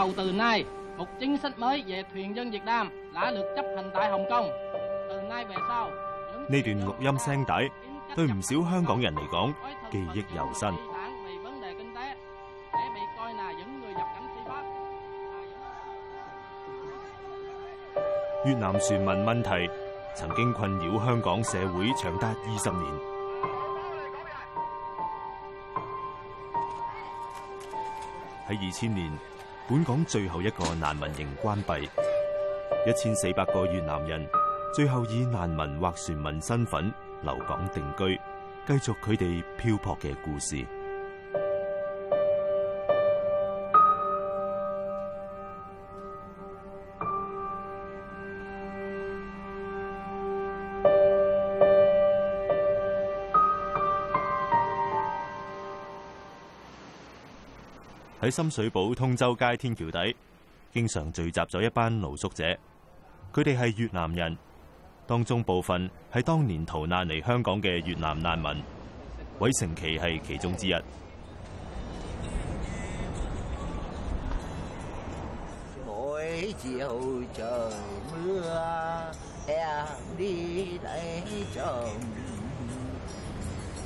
由從來，一箇全新嘅關於越南人越南，係被封鎖嘅。呢段錄音聲底，對唔少香港人嚟講，記憶猶新。越南船民問題曾經困擾香港社會長達二十年，喺二千年，本港最後一個難民營關閉，一千四百個越南人最後以難民或船民身份留港定居，繼續佢哋漂泊嘅故事。喺深水埗通州街天橋底，經常聚集咗一班露宿者。佢哋係越南人，當中部分係當年逃難嚟香港嘅越南難民。韋成奇係其中之一，啊。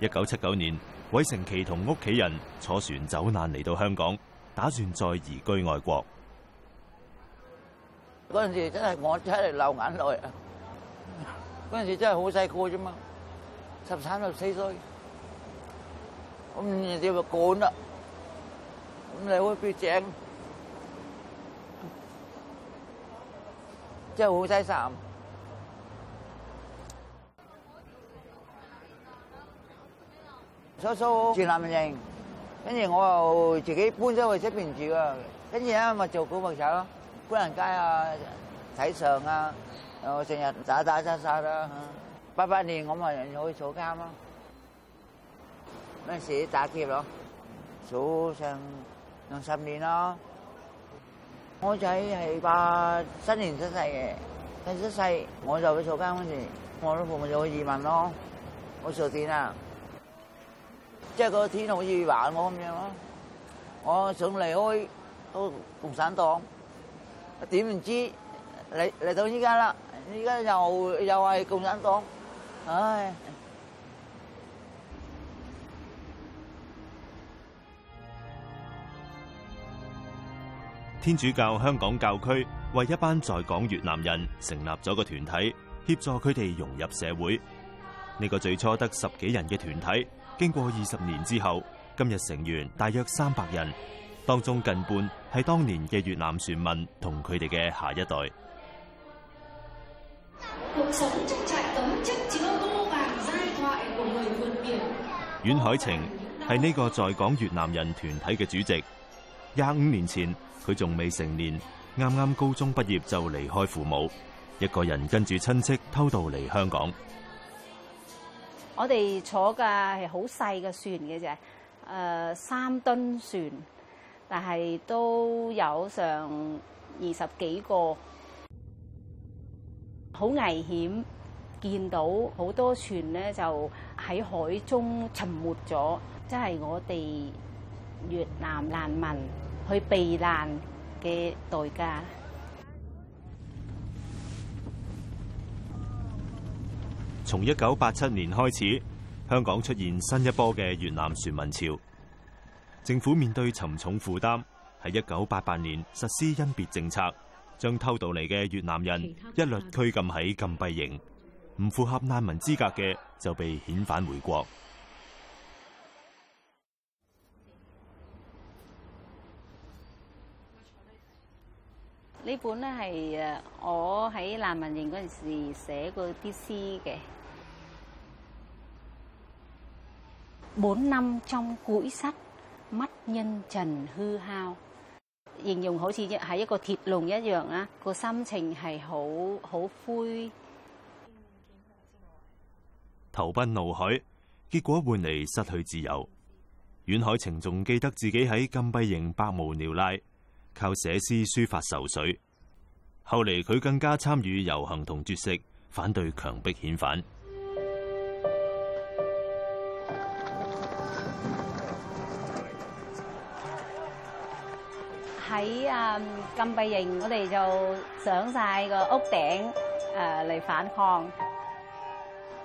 一九七九年，韋成奇同屋企人坐船走難嚟到香港，打算再移居外國。嗰陣時真係我真係流眼淚啊！嗰陣時真係好細個啫嘛，十三十四歲，我連條褲都，我連我皮鞋，真係好淒慘。收收住南營，跟住我又自己搬咗去出邊住啊！跟住咧咪做古惑仔咯，古人街啊、睇相啊，我成日打打殺殺啦。八八年我咪入去坐監咯，嗰時打劫咯，坐上成十年咯。我仔係八七年出世嘅，佢出世我就去坐監嗰時，我老婆咪做移民咯，我坐死啦。即係個天好似玩我咁樣咯，我想離開共產黨，點唔知嚟嚟到呢個啦？呢個又又係共產黨，唉！天主教香港教區為一班在港越南人成立咗個團體，協助佢哋融入社會。呢個最初得十幾人嘅團體。經過二十年之後，今日成員大約三百人，當中近半係當年嘅越南船民同佢哋嘅下一代。阮海晴係呢個在港越南人團體嘅主席。廿五年前，佢仲未成年，啱啱高中畢業就離開父母，一個人跟住親戚偷渡嚟香港。我哋坐嘅係好細嘅船嘅啫，誒、呃、三噸船，但係都有上二十幾個，好危險。見到好多船咧，就喺海中沉沒咗，即係我哋越南難民去避難嘅代價。從一九八七年開始，香港出現新一波嘅越南船民潮。政府面對沉重負擔，喺一九八八年實施甄別政策，將偷渡嚟嘅越南人一律拘禁喺禁閉營，唔符合難民資格嘅就被遣返回國。呢本咧係誒，我喺難民營嗰陣時寫過啲詩嘅。四五年，中古 sắt mắt nhân trần hư hao。形容好似，係一個鐵籠一樣啊，個心情係好好灰。投奔怒海，結果換嚟失去自由。阮海晴仲記得自己喺禁閉營百無聊賴，靠寫詩抒發愁緒。後嚟佢更加參與遊行同絕食，反對強迫遣返。喺啊禁閉營，我哋就上晒個屋頂誒嚟，反抗，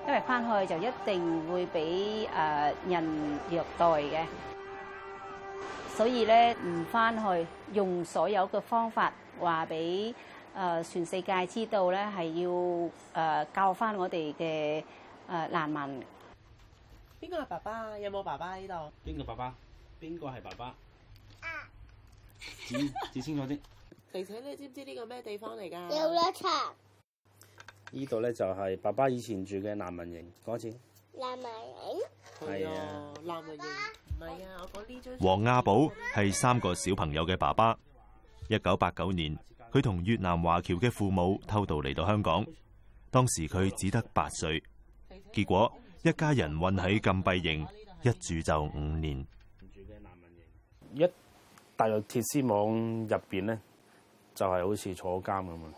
因為翻去就一定會俾誒人虐待嘅，所以咧唔翻去，用所有嘅方法話俾誒全世界知道咧係要誒救翻我哋嘅誒難民。邊個係爸爸？有冇爸爸喺度？邊個爸爸？邊個係爸爸？指 指清楚啲。肥仔，你知唔知呢個咩地方嚟噶？遊樂場。呢度咧就係爸爸以前住嘅難民營。講一次。難民營。係啊。爸爸。唔係啊，我講呢張。黃亞寶係三個小朋友嘅爸爸。一九八九年，佢同越南華僑嘅父母偷渡嚟到香港，當時佢只得八歲。結果一家人困喺禁閉營，一住就五年。住嘅難民營。一。大約鐵絲網入邊咧，就係、是、好似坐監咁啊！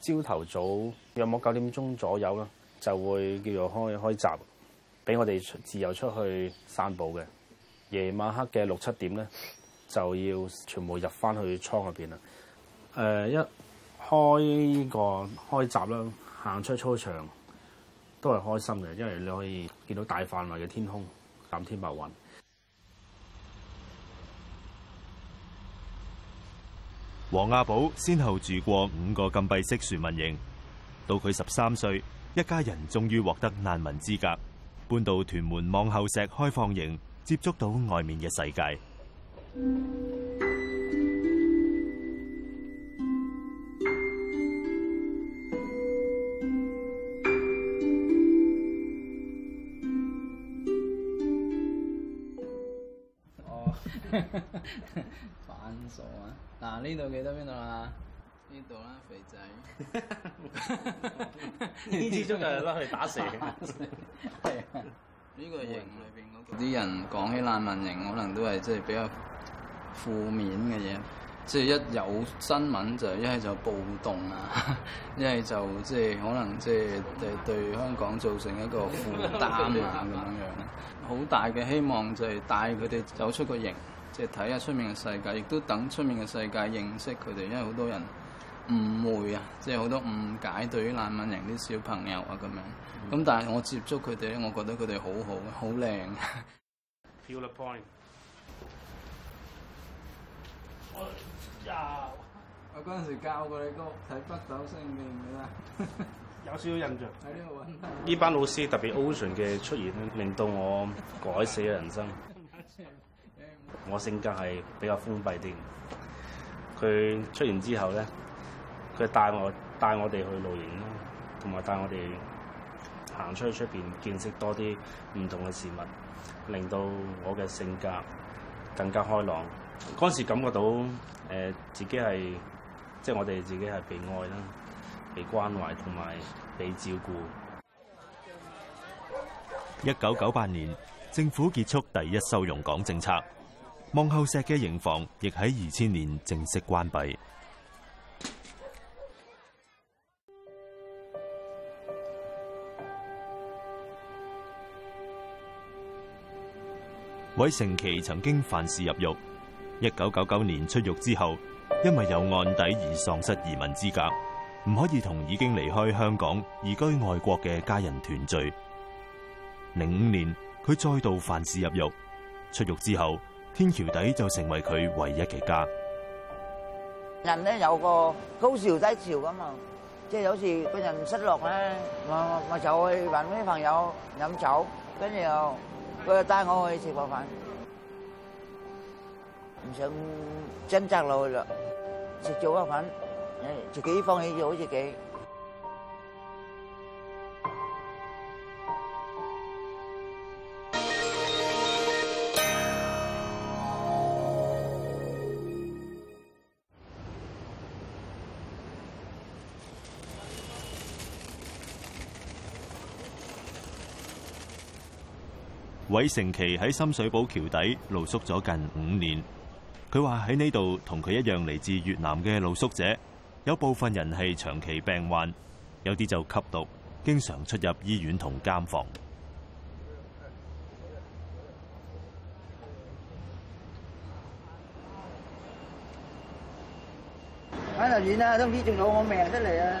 朝頭早約莫九點鐘左右啦，就會叫做開開閘，俾我哋自由出去散步嘅。夜晚黑嘅六七點咧，就要全部入翻去倉入邊啦。誒、呃，一開、呢個開閘啦，行出操場都係開心嘅，因為你可以見到大範圍嘅天空，藍天白雲。黃阿寶先後住過五個禁閉式船民營，到佢十三歲，一家人終於獲得難民資格，搬到屯門望後石開放營，接觸到外面嘅世界。 啊！嗱、啊，呢度記得邊度啊？呢度啦，肥仔。呢支竹就係攞嚟打蛇。係 呢 個營裏邊嗰啲人講、那個、起難民營，可能都係即係比較負面嘅嘢。即、就、係、係、一有新聞就一、係、係就暴動啊，一係就即係可能即係對對香港造成一個負擔啊咁樣樣。好 大嘅希望就係帶佢哋走出個營。即係睇下出面嘅世界，亦都等出面嘅世界認識佢哋，因為好多人誤會啊，即係好多誤解對於難民營啲小朋友啊咁樣。咁但係我接觸佢哋咧，我覺得佢哋好好，好靚。Feel the point。我呀，我嗰陣時教過你個睇北斗星嘅啦， 有少少印象。呢班老師特別 Ocean 嘅出現，令到我改寫人生。 我性格係比較封閉啲，佢出現之後咧，佢帶我帶我哋去露營啦，同埋帶我哋行出去出邊見識多啲唔同嘅事物，令到我嘅性格更加開朗。嗰時感覺到誒，自己係即係我哋自己係被愛啦，被關懷同埋被照顧。一九九八年，政府結束第一收容港政策。望後石嘅營房亦喺二千年正式關閉。韋成奇曾經犯事入獄，一九九九年出獄之後，因為有案底而喪失移民資格，唔可以同已經離開香港、移居外國嘅家人團聚。零五年，佢再度犯事入獄，出獄之後。天橋底就成為佢唯一嘅家。人咧有個高潮低潮噶嘛，即係好似個人失落咧，我我就去揾啲朋友飲酒，跟住又佢又帶我去食個飯，唔想掙扎落去啦，食咗個飯，誒自己放棄咗自己。韋成奇喺深水埗橋底露宿咗近五年，佢話喺呢度同佢一樣嚟自越南嘅露宿者，有部分人係長期病患，有啲就吸毒，經常出入醫院同監房。咩事啊？都唔知仲留我咩出嚟啊！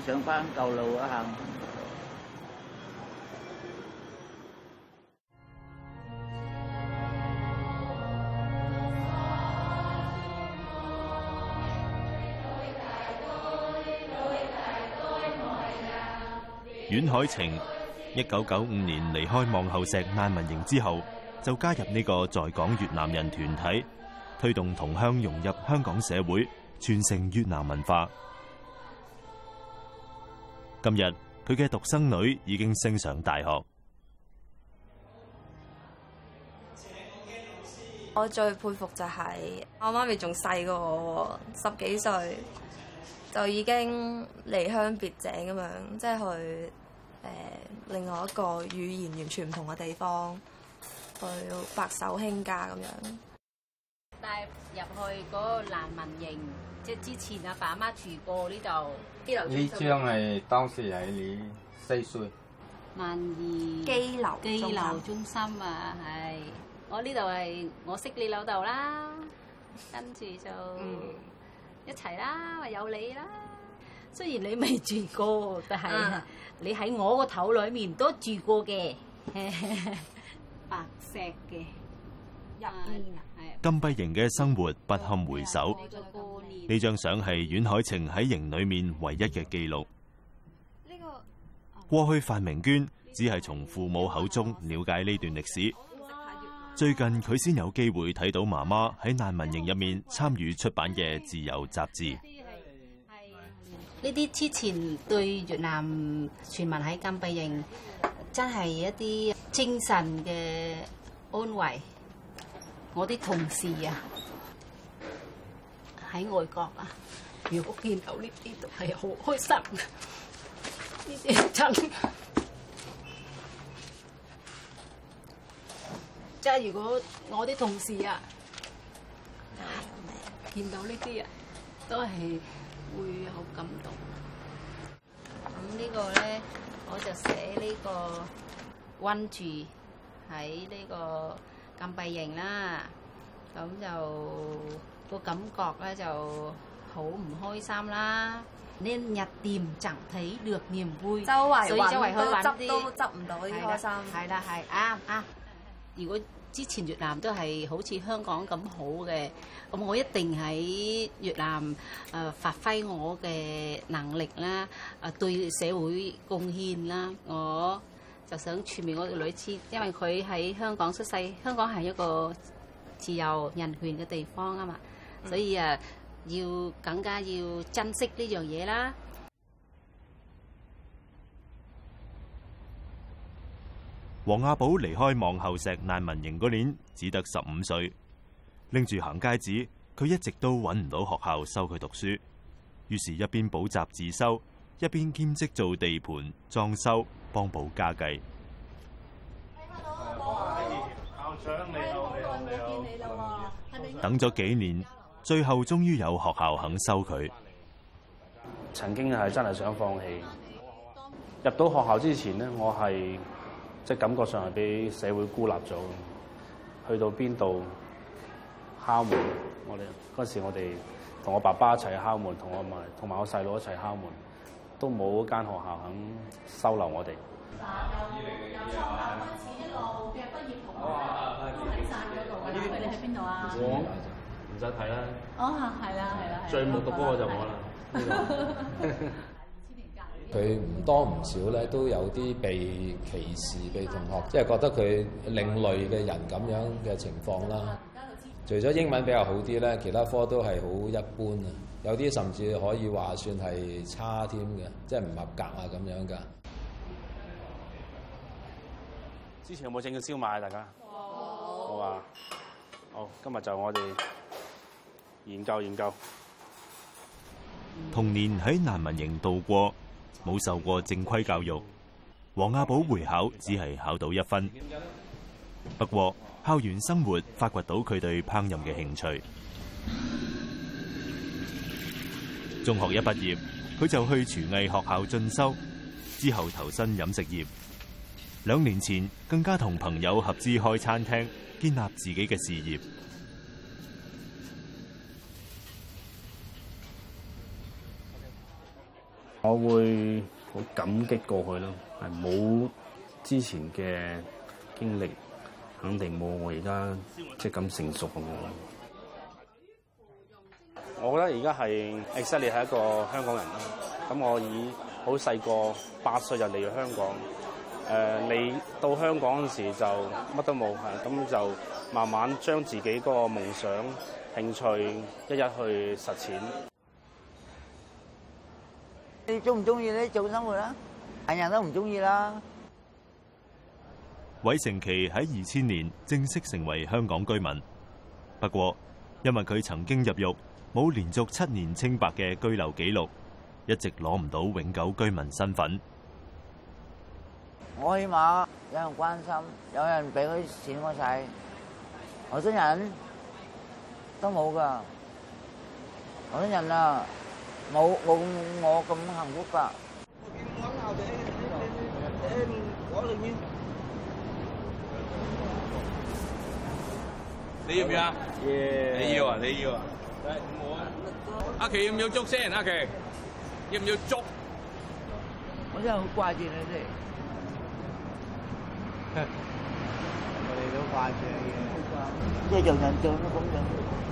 上返舊路啊！行。阮海晴，一九九五年離開望后石難民營之後，就加入呢個在港越南人團體，推動同鄉融入香港社會，傳承越南文化。今日佢嘅獨生女已經升上大學。我最佩服就係我媽咪仲細過我，十幾歲就已經離鄉別井咁樣，即係去誒、呃、另外一個語言完全唔同嘅地方去白手興家咁樣。帶入去嗰個難民營。即係之前阿爸阿媽住過呢度啲樓。呢張係當時係你四歲。萬宜羈留羈留中心啊！係，我呢度係我識你老豆啦，跟住就一齊啦，咪有你啦。雖然你未住過，但係你喺我個頭裡面都住過嘅，白石嘅入邊啊！禁閉營嘅生活不堪回首。呢張相係阮海晴喺營裏面唯一嘅記錄。過去范明娟只係從父母口中了解呢段歷史。最近佢先有機會睇到媽媽喺難民營入面參與出版嘅自由雜誌。呢啲之前對越南船民喺禁閉營真係一啲精神嘅安慰。我啲同事啊。喺外國啊，如果見到呢啲，都係好開心。呢即係如果我啲同事啊，見到呢啲啊，都係會好感動。咁呢個咧，我就寫呢個關注喺呢個禁閉營啦。咁就。個感覺咧就好唔開心啦，連日店都冇得見，周圍揾都揾都揾唔到啲開心，係啦係啱啱！如果之前越南都係好似香港咁好嘅，咁我一定喺越南誒發揮我嘅能力啦，誒對社會貢獻啦，我就想傳俾我條女知，因為佢喺香港出世，香港係一個自由人權嘅地方啊嘛。所以啊，要更加要珍惜呢樣嘢啦。黃阿寶離開望后石難民營嗰年，只得十五歲，拎住行街紙，佢一直都揾唔到學校收佢讀書，於是，一邊補習自修，一邊兼職做地盤裝修，幫補家計。等咗幾年。最後終於有學校肯收佢。曾經係真係想放棄，入到學校之前咧，我係即係感覺上係俾社會孤立咗。去到邊度敲門，我哋嗰時我哋同我爸爸一齊敲門，同我埋同埋我細佬一齊敲門，都冇一間學校肯收留我哋。三二零一，開始一路嘅畢業同學都喺晒嗰度嘅。你喺邊度啊？想睇啦！哦，係啦，啊，係啦，啊啊啊啊，最冇讀波就我啦。佢唔，啊啊、 多唔少咧，都有啲被歧視、被同學即係覺得佢另類嘅人咁樣嘅情況啦。除咗英文比較好啲咧，其他科都係好一般啊。有啲甚至可以話算係差添嘅，即係唔合格啊咁樣噶。之前有冇整過燒賣啊？大家我，哦，啊。好，今日就我哋。研究研究。童年喺難民營度過，冇受過正規教育。黃阿寶回考只係考到一分，不過校園生活發掘到佢對烹飪嘅興趣。中學一畢業，佢就去廚藝學校進修，之後投身飲食業。兩年前，更加同朋友合資開餐廳，建立自己嘅事業。我會好感激過去咯，係冇之前嘅經歷，肯定冇我而家即係咁成熟咁樣。我覺得而家係 exactly 係一個香港人咯。咁我以好細個八歲就嚟咗香港，誒，嚟到香港嗰陣時候就乜都冇，係咁就慢慢將自己嗰個夢想、興趣一一去實踐。你中唔中意呢種生活啊？係人都唔中意啦。韋成奇喺二千年正式成為香港居民，不過因為佢曾經入獄，冇連續七年清白嘅居留記錄，一直攞唔到永久居民身份。我起碼有人關心，有人俾佢錢我使，我親人都冇噶，我親人啊。冇，我我咁幸福㗎。你要唔要啊？你要啊，你要啊。阿奇要唔要捉先？阿奇，要唔要捉？我真係好掛住你哋。我哋都掛住你嘅。呢條人柱，我唔想。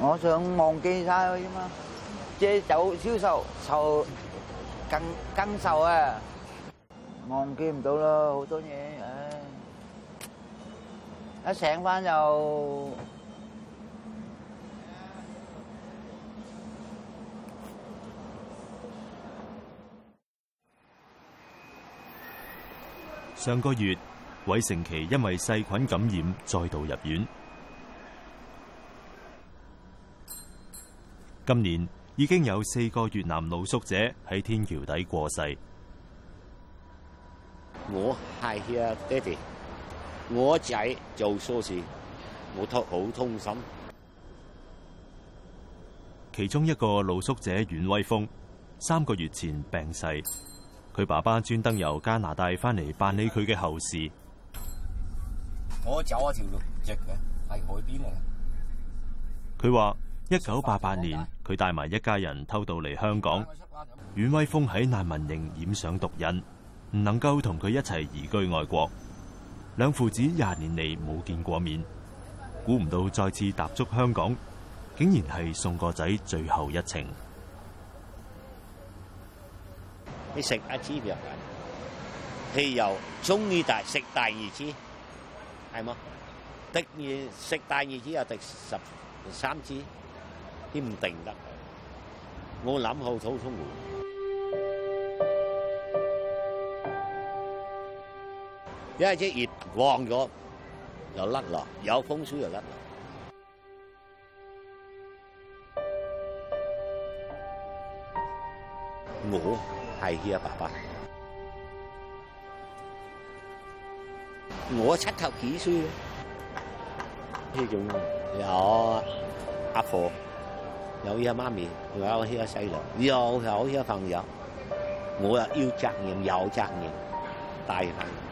我想忘記晒佢嘛，借酒消愁愁更更愁啊！忘記唔到咯，好多嘢，唉！一醒翻就。上個月，韋成奇因為細菌感染再度入院。今年已經有四個越南露宿者喺天橋底過世。我係啊，爹哋，我仔做梳士，我托好痛心。其中一個露宿者阮威峰，三個月前病逝，佢爸爸專登由加拿大翻嚟辦理佢嘅後事。我走一條路直嘅，喺海邊嘅。佢話。一九八八年，佢帶埋一家人偷渡嚟香港。阮威峰喺難民營染上毒癮，唔能夠同佢一齊移居外國。兩父子廿年嚟冇見過面，估唔到再次踏足香港，竟然係送個仔最後一程。你食一支藥，汽油終於大食第二支，係嗎？食二食大二支又食十三支。佢唔定得，我諗好草叢湖，一隻葉忘咗就甩落，有風吹就甩落。我係佢阿爸爸，我出頭幾歲？呢種有阿婆。有一個媽咪，有一個細路，又有一個朋友，我又要責任，有責任大人。